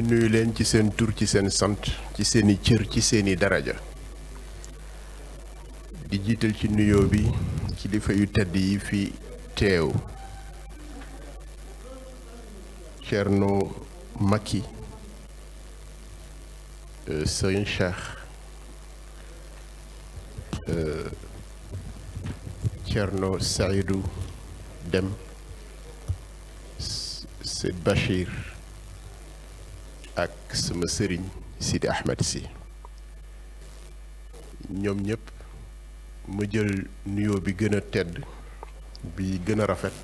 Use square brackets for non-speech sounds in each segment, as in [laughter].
ñu nuyu leen ci seen tur ci seen sant ci seeni cër ci seeni daraja di jiital ci nuyoo bi kilifa yu tedd yi fi teew Cerno Makki euh, Sëriñ Cheikh euh, Cerno Saïdou Dem Sëñ Bachir ak sama sëriñ Sidi Ahmed si ñoom ñëpp ma jël nuyoo bi gëna a tedd bi gën a rafet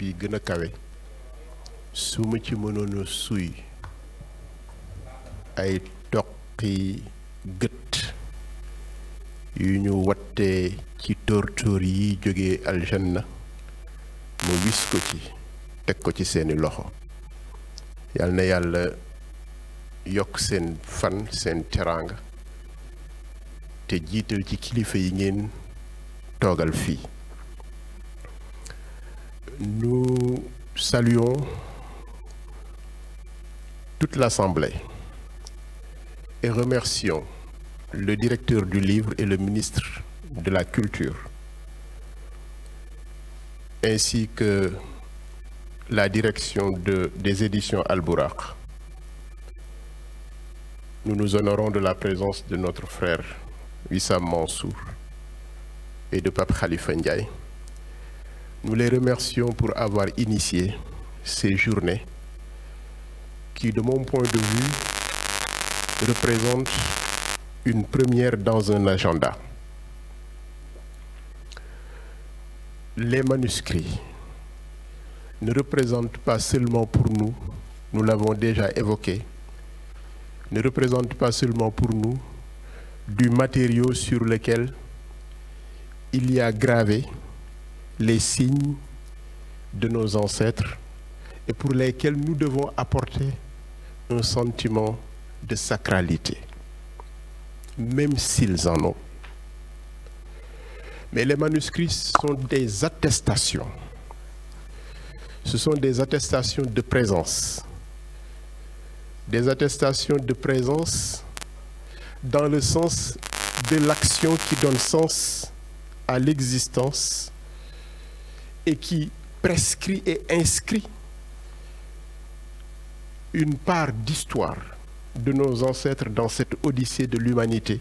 bi gën a kawe su ma ci mënoon a suy ay toqi gët yu ñu wattee ci tóortóor yi jóge aljanna ma wis ko ci teg ko ci seeni loxo yal na yàlla yokk seen fan seen teraanga te jiital ci kilifa yi ngeen toogal fii nous saluons toute l'Assemblée et remercions le directeur du livre et le ministre de la Culture, ainsi que la direction de, des éditions Al-Bouraq nous nous honorons de la présence de notre frère Wissam Mansour et de Pape Khalifa Nous les remercions pour avoir initié ces journées qui, de mon point de vue, représentent une première dans un agenda. Les manuscrits ne représentent pas seulement pour nous, nous l'avons déjà évoqué, ne représente pas seulement pour nous du matériau sur lequel il y a gravé les signes de nos ancêtres et pour lesquels nous devons apporter un sentiment de sacralité, même s'ils en ont. Mais les manuscrits sont des attestations. Ce sont des attestations de présence des attestations de présence dans le sens de l'action qui donne sens à l'existence et qui prescrit et inscrit une part d'histoire de nos ancêtres dans cette odyssée de l'humanité,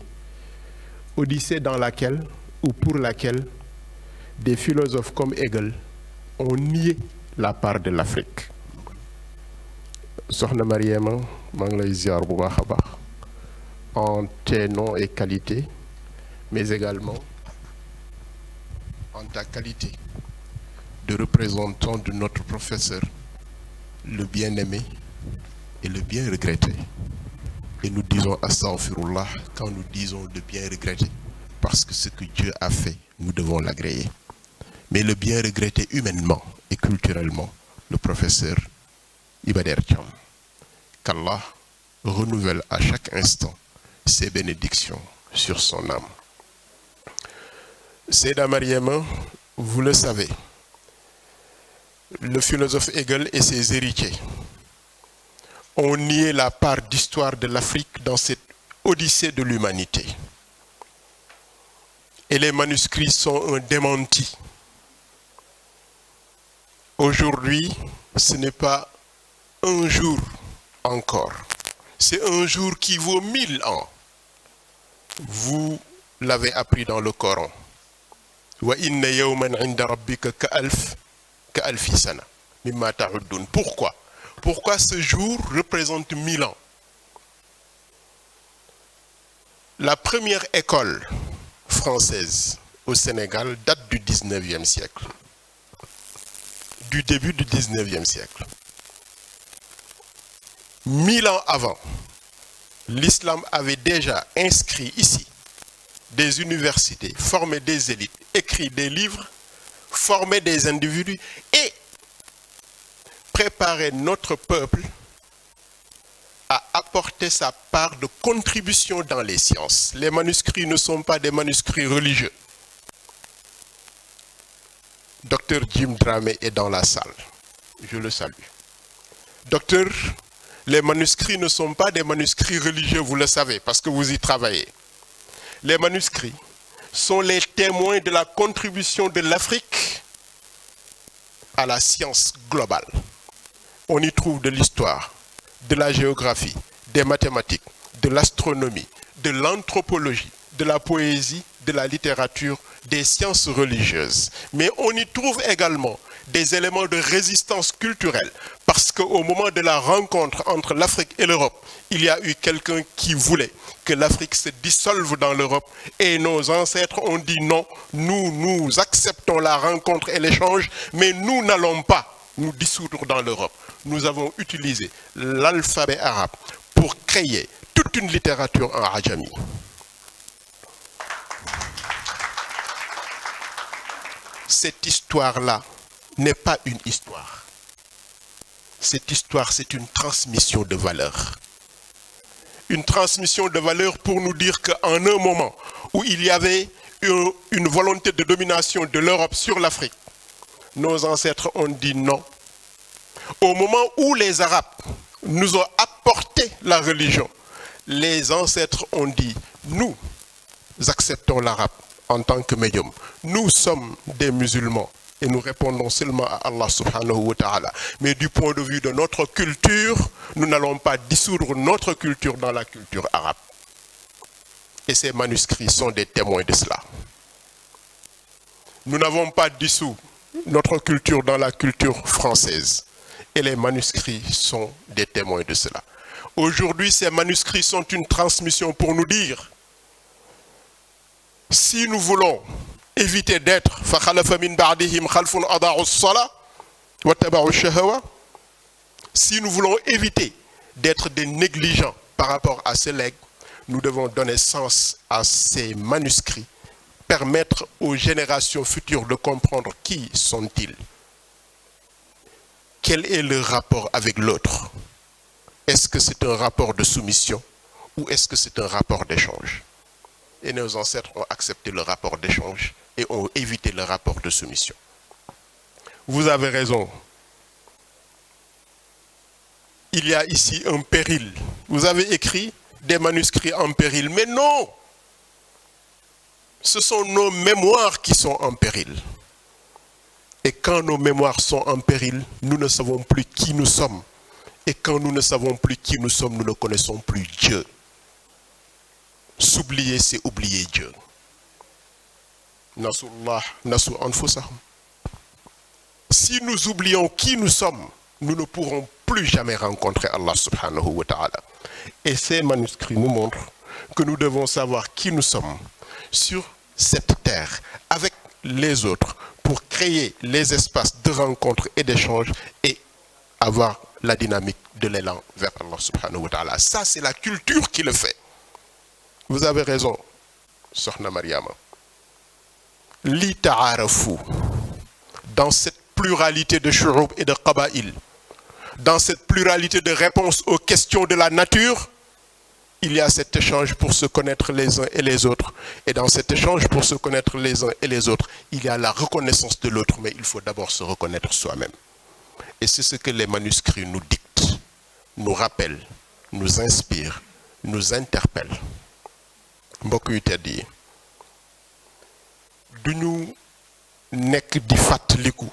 odyssée dans laquelle ou pour laquelle des philosophes comme Hegel ont nié la part de l'Afrique. soxna Mariama maa ngi lay ziar bu baax a baax en tes noms et qualités mais également en ta qualité de représentant de notre professeur le bien-aimé et le bien regretté et nous disons astaghfirullah quand nous disons le bien regretté parce que ce que Dieu a fait nous devons l'agréer mais le bien regretté humainement et culturellement le professeur Iba Der Thiam qu'Allah renouvelle à chaque instant ses bénédictions sur son âme Seyda Mariama vous le savez le philosophe Hegel et ses héritiers ont nié la part d'histoire de l'Afrique dans cette odyssée de l'humanité et les manuscrits sont un démenti aujourd'hui ce n'est pas un jour encore. C'est un jour qui vaut mille ans. Vous l'avez appris dans le Coran. wa inna yawman inda rabbika ka alf ka alfi sana mimma ta'uddun pourquoi pourquoi ce jour représente mille ans la première école française au Sénégal date du 19e siècle du début du 19 siècle mille ans avant, l'islam avait déjà inscrit ici des universités, formé des élites, écrit des livres, formé des individus et préparé notre peuple à apporter sa part de contribution dans les sciences. Les manuscrits ne sont pas des manuscrits religieux. Docteur Jim Dramé est dans la salle. Je le salue. Les manuscrits ne sont pas des manuscrits religieux, vous le savez, parce que vous y travaillez. Les manuscrits sont les témoins de la contribution de l'Afrique à la science globale. On y trouve de l'histoire, de la géographie, des mathématiques, de l'astronomie, de l'anthropologie, de la poésie, de la littérature, des sciences religieuses. Mais on y trouve également des éléments de résistance culturelle, qu'au moment de la rencontre entre l'Afrique et l'Europe, il y a eu quelqu'un qui voulait que l'Afrique se dissolve dans l'Europe et nos ancêtres ont dit non, nous, nous acceptons la rencontre et l'échange, mais nous n'allons pas nous dissoudre dans l'Europe. Nous avons utilisé l'alphabet arabe pour créer toute une littérature en Ajami. Cette histoire-là n'est pas une histoire. cette histoire, c'est une transmission de valeurs. Une transmission de valeur pour nous dire qu'en un moment où il y avait une, une volonté de domination de l'Europe sur l'Afrique, nos ancêtres ont dit non. Au moment où les Arabes nous ont apporté la religion, les ancêtres ont dit, nous acceptons l'arabe en tant que médium. Nous sommes des musulmans. et nous répondons seulement à Allah subhanahu wa ta'ala. Mais du point de vue de notre culture, nous n'allons pas dissoudre notre culture dans la culture arabe. Et ces manuscrits sont des témoins de cela. Nous n'avons pas dissous notre culture dans la culture française. Et les manuscrits sont des témoins de cela. Aujourd'hui, ces manuscrits sont une transmission pour nous dire si nous voulons éviter d'être fa xalafa min baadihim xalfun adaau sola wa tabaau shahawa si nous voulons éviter d'être des négligents par rapport à ce legs nous devons donner sens à ces manuscrits permettre aux générations futures de comprendre qui sont-ils quel est le rapport avec l'autre est-ce que c'est un rapport de soumission ou est-ce que c'est un rapport d'échange et nos ancêtres ont accepté le rapport d'échange et ont évité le rapport de soumission. Vous avez raison. Il y a ici un péril. Vous avez écrit des manuscrits en péril, mais non! Ce sont nos mémoires qui sont en péril. Et quand nos mémoires sont en péril, nous ne savons plus qui nous sommes. Et quand nous ne savons plus qui nous sommes, nous ne connaissons plus Dieu. S'oublier, c'est oublier Dieu. Nasullah, nasu anfusahum. Si nous oublions qui nous sommes, nous ne pourrons plus jamais rencontrer Allah subhanahu wa ta'ala. Et nous montrent que nous devons savoir qui nous sommes sur cette terre, avec les autres, pour créer les espaces de rencontre et d'échange et avoir la dynamique de l'élan vers Allah subhanahu wa c'est la culture qui le fait. Vous avez raison, li taarafu dans cette pluralité de shu'ub et de qabaïl dans cette pluralité de réponses aux questions de la nature il y a cet échange pour se connaître les uns et les autres et dans cet échange pour se connaître les uns et les autres il y a la reconnaissance de l'autre mais il faut d'abord se reconnaître soi-même et c'est ce que les manuscrits nous dictent nous rappellent nous inspirent nous interpellent mbokk yu tedd yi du ñu nekk di fàttaliku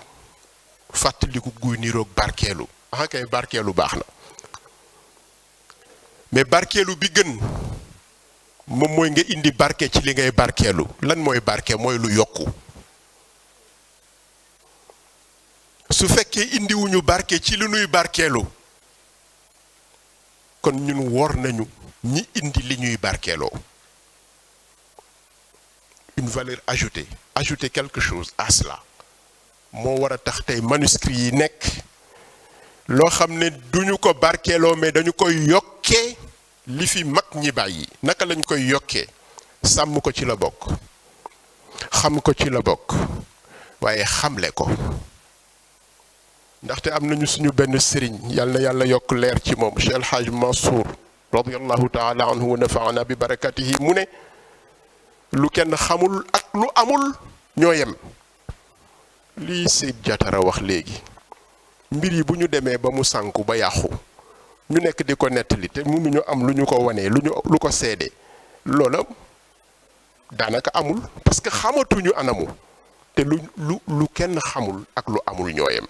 fàttaliku guy niroog barkeelu ah kay barkeelu baax na mais barkeelu bi gën moom mooy nga indi barke ci li ngay barkeelu lan mooy barke mooy lu yokku su fekkee indiwuñu barke ci li nuy barkeelu kon ñun wor nañu ñi indi li ñuy barkeeloo une valeur ajoutée ajouter quelque chose à cela moo war a tax tey manuscrits yi nekk loo xam ne duñu ko barkeeloo mais dañu koy yokkee li fi mag ñi bàyyi naka lañ koy yokkee sàmm ko ci la bokk xam ko ci la bokk waaye xamle ko ndaxte am nañu suñu benn sëriñ yal na yàlla yokk leer ci moom Cheikh El Hadj Mansour radiyallahu taala anhu wa nafaana bi barakatihi mu ne lu kenn xamul ak lu amul ñoo yem lii Seyd jatara wax léegi mbir yi bu ñu demee ba mu sànku ba yàqu ñu nekk di ko nettali te mënuñu am lu ñu ko wanee lu ñu lu ko seede loola daanaka amul parce que xamatuñu anamu te lu lu lu kenn xamul ak lu amul ñooyam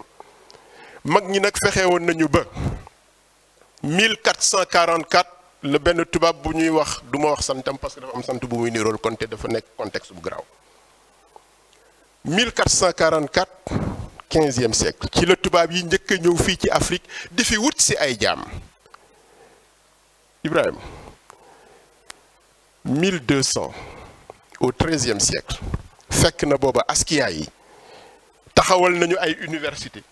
mag ñi nag fexe nañu ba 1444 la benn tubaab bu ñuy wax du ma wax santam parce que dafa am sant bu muy nirool kon dafa nekk contexte bu garaaw 1444 15e siècle ci la tubaab yi njëkk a ñëw fii ci Afrique di fi wut si ay jaam Ibrahima 1200 au 13e fekk na booba Askia yi taxawal nañu ay université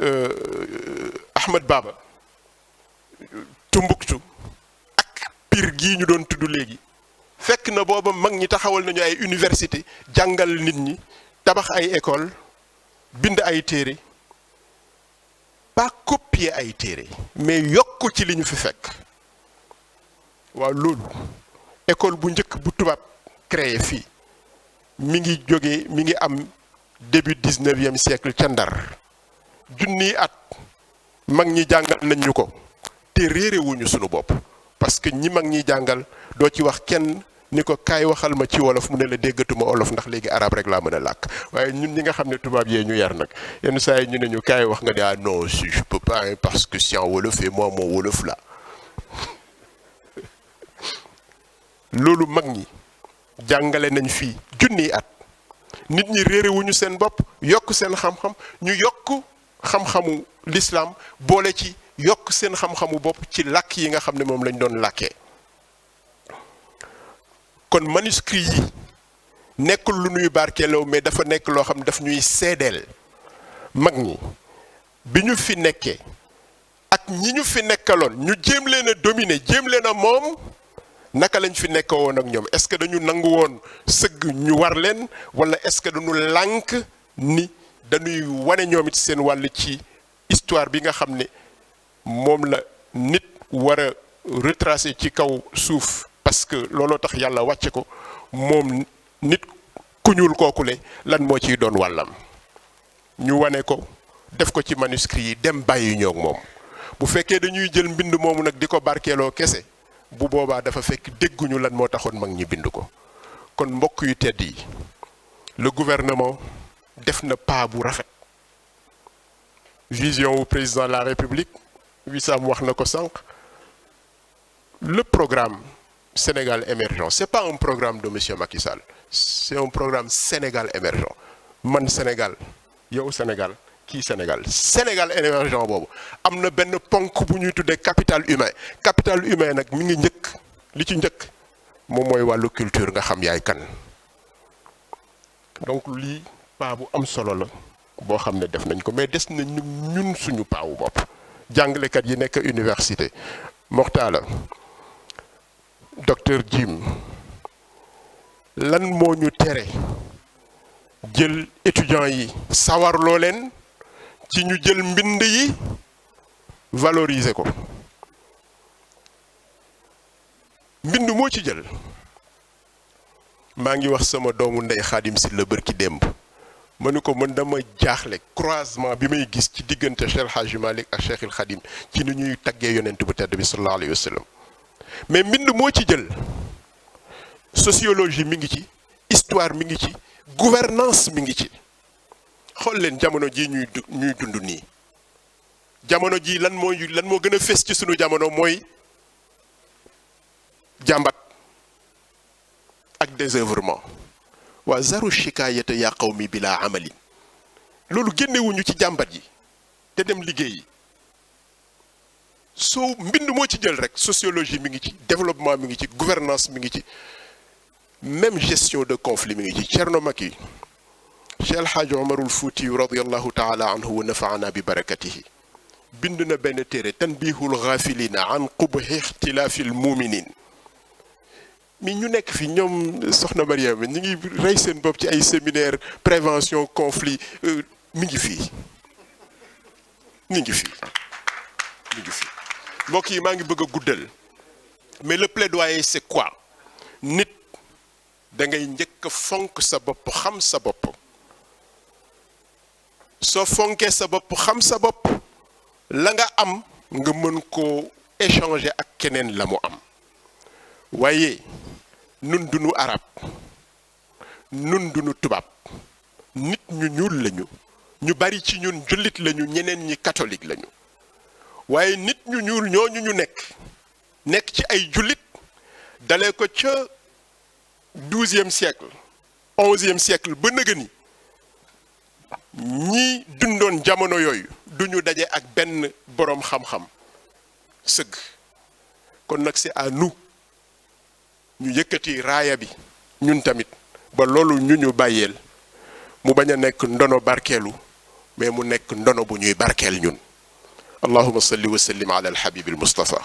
euh, Ahmed Baba Tombouctou ak piir gii ñu doon tudd léegi fekk na booba mag ñi taxawal nañu ay université jàngal nit ñi tabax ay école bind ay téere pas copier ay téere mais yokk ci li ñu fi fekk waaw loolu école bu njëkk bu tubaab créé fii mi ngi jóge mi ngi am début dix-neuvième siècle ca Ndar junniy at mag ñi jàngal nañ ñu ko te réere wuñu suñu bopp parce que ñi mag ñiy jàngal doo ci wax kenn ni ko kaay waxal ma ci wolof mu ne la déggatuma olof ndax léegi arab rek laa mën a làkk waaye ñun ñi nga xam ne tubaab yee ñu yar nag yenn saa yi ñu ne ñu kaay wax nga ne ah non si je peux pas parce que c'est en wolof et moi mon wolof la [laughs] loolu mag ñi jàngale nañ fii junniy at nit ñi réerewuñu seen bopp yokk seen xam-xam ñu yokk xam-xamu l'islam boole ci yokk seen xam-xamu bopp ci làkk yi nga xam ne moom lañ doon làkkee kon manuscrit yi nekkul lu nuy barkeeloo mais dafa nekk loo xam daf ñuy seedeel mag ñi bi ñu fi nekkee ak ñi ñu fi nekkaloon ñu jéem leen a dominer jéem leen a moom naka lañ fi nekk woon ak ñoom est-ce que dañu nangu woon sëgg ñu war leen walla est-ce que dañu lànk ni dañuy wane ñoom it seen wàll ci histoire bi nga xam ne moom la nit war a retracer ci kaw suuf parce que looloo tax yàlla wàcce ko moom nit ku ñuul kookule lan moo ciy doon wàllam ñu wane ko def ko ci manuscrit yi dem bàyyi ñoog moom bu fekkee dañuy jël mbind moomu nag di ko barkeeloo kese bu boobaa dafa fekk dégguñu lan moo taxoon mag ñi bind ko kon mbokk yu tedd yi le gouvernement def na pas bu rafet vision wu président de la république Wissam wax na ko sànq le programme Sénégal émergent c'est pas un programme de monsieur Macky Sall c'est un programme Sénégal émergent man Sénégal yow Sénégal kii Sénégal Sénégal émergent boobu am na benn ponk bu ñuy tuddee capital humain capital humain nag mi ngi njëkk li ci njëkk moom mooy wàllu culture nga xam yaay kan donc lii paa bu am solo la boo xam ne def nañ ko mais des na ñun suñu paawu bopp jàngalekat yi nekk université Moxtaala docteur Jim lan moo ñu tere jël étudiants yi sawarloo leen ci ñu jël mbind yi valoriser ko mbind moo ci jël maa ngi wax sama doomu ndey Xaadim si la bërki démb ma ni ko man dama jaaxle croisement bi may gis ci diggante Cheikh El Hadji ak Cheikh El ci ni ñuy taggee yonent bu tedd bi sallallahu alayhi wa sallam mais mbind moo ci jël sociologie mi ngi ci histoire mi ngi ci gouvernance mi ngi ci xool leen jamono ji ñuy ñuy dund nii jamono ji lan mooy lan moo gën a fés ci sunu jamono mooy jàmbat ak désœuvrement waa zaru shikaayata yaa qawmi bilaa amalin loolu génnewuñu ci jàmbat yi te dem liggéeyi soo mbind moo ci jël rek sociologie mi ngi ci développement mi ngi ci gouvernance mi ngi ci même gestion de conflit mi ngi ci Thierno Maki Cheikh El Hadj Omarul Fuutiyu radiallahu taala anhu wa nafaana bi barakatihi bind na benn téere tanbihul gaafilina an qubhi ixtilaafi almuminin mais ñu nekk fi ñoom soxna Mariama ñu ngi rey seen bopp ci ay séminaire prévention conflit euh, mi ngi fii mi ngi fii mbokk yi maa ngi bëgg a guddal mais le plaidoyer c'est quoi nit da ngay njëkk a fonk sa bopp xam sa bopp soo fonkee sa bopp xam sa bopp la nga am nga mën ko échanger ak keneen la mu am waaye nun duñu arab nun duñu tubaab nit ñu ñuul lañu ñu bari ci ñun jullit lañu ñeneen ñi katolik lañu waaye nit ñu ñuul ñoo ñu nekk nekk ci ay jullit dale ko ca douzième siècle onzième siècle ba nëga ñi dundoon jamono yooyu du ñu daje ak benn boroom xam-xam sëgg kon nag c'est à ñu yëkkati raaya bi ñun tamit ba loolu ñu ñu bàyyeel mu bañ a nekk ndono barkeelu mais mu nekk ndono bu ñuy barkeel ñun allahuma salli wa sallim ala alxabibi almustafa